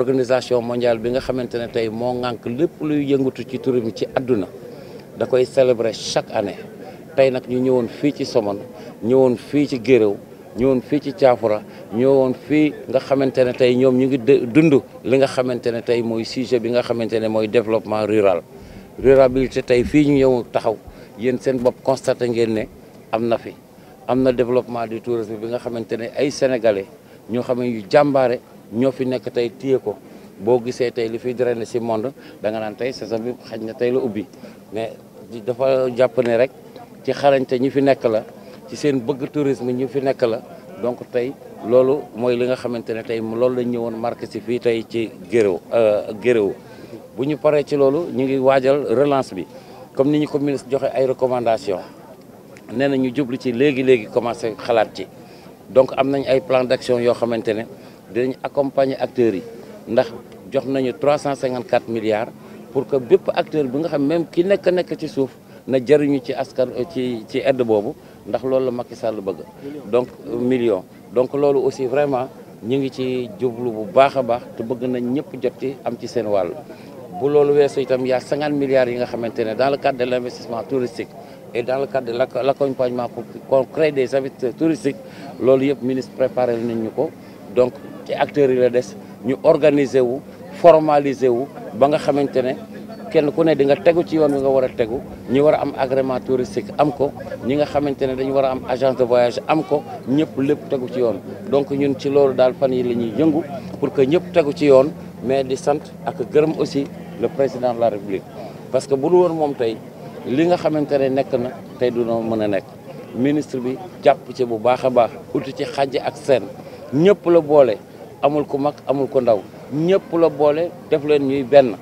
organisation mondiale bi nga xamante ne tey moo ŋànk lépp luy yëngatu ci tourisme ci àdduna da koy célébrer chaque année tey nag ñu ñëwoon fii ci Somone ñëwoon fii ci Guéréo ñëwoon fii ci caafura ñëwoon fii nga xamante ne tey ñoom ñu ngi dund li nga xamante ne tey mooy sujet bi nga xamante ne mooy développement rural ruralité tey fii ñu ñëw taxaw yéen seen bopp constaté ngeen ne am na fi am na développement du tourisme bi nga xamante ne ay sénégalais ñoo xam ne yu jàmbaare ñoo fi nekk tey téye ko boo gisee tey li fiy drainer si monde da nga naan tey saison bi xaj na tey la ubbi mais dafa jàpp ne rek ci xarañte ñi fi nekk la ci seen bëgg tourisme ñi fi nekk la donc tey loolu mooy li nga xamante ne tey loolu lañ ñëwoon marqué ci fii tey ci Guéréo euh, Guéréo bu ñu paree ci loolu ñu ngi waajal relance bi comme ni ñu ko ministre joxe ay recommandations. nee na ñu jublu ci léegi léegi commencé xalaat ci donc am nañ ay plan d'action yoo xamante ne dañu accompagner acteurs yi ndax jox nañu 354 milliards pour que bépp acteur bi nga xam même ki nekk nekk ci suuf na jariñu ci askan ci ci aide boobu ndax loolu la Macky Sall bëgg donc euh, million donc loolu aussi vraiment ñu ngi ci jublu bu baax a baax te bëgg nañ ñëpp jot ci am ci seen wàll bu loolu weesu itam yaa 50 milliards yi nga xamante ne dans le cadre de l'investissement et dans le cadre de l'accompagnement pour qu'on crée des services touristiques loolu yëpp ministre préparé nañ ñu donc ci acteurs yi la des ñu organiser wu formaliser wu ba nga xamante ne kenn ku ne di nga tegu ci yoon nga war a ñi war am agrément touristique am ko ñi nga xamante ne dañu war am agence de voyage am ko ñëpp lépp tegu ci yoon donc ñun ci loolu daal fan yi la ñuy pour que ñëpp tegu ci yoon mais di sant ak gërëm aussi le président de la république parce que bu dul woon moom tey li nga xamante ne nekk na tey du noo mën a nekk ministre bi jàpp ci bu baax a baax uti ci xàjj ak seen ñëpp la boole amul ku mag amul ku ndaw ñëpp la boole def leen ñuy benn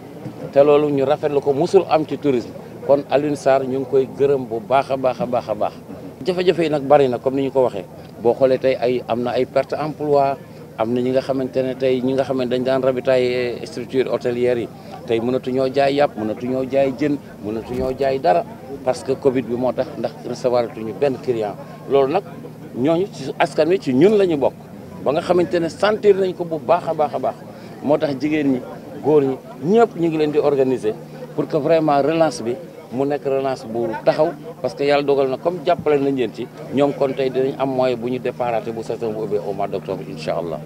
te loolu ñu rafetlu ko musul am ci tourisme kon Alioune Sarr ñu ngi koy gërëm bu baax a baax a baax a baax. jafe yi nag bari na comme ni ñu ko waxee boo xoolee tey ay am na ay perte emploi am na ñi nga xamante ne tey ñi nga xamante dañ daan rabitaay structure hôtelière yi. tey mënatuñoo jaay yàpp mënatuñoo jaay jën mënatuñoo jaay dara parce que Covid bi moo tax ndax recevoir tuñu benn client loolu nag ñooñu ci askan wi ci ñun la ñu bokk ba nga xamante ne santir nañ ko bu baax a baax a baax moo tax jigéen ñi góor ñi ñëpp ñu ngi leen di organiser pour que vraiment relance bi mu nekk relance bu taxaw parce que yàlla dogal na comme jàppale nañ leen ci ñoom kon tey dinañ am moyen bu ñu déparaté bu saison bu ubbee au mois d' octobre incha allah.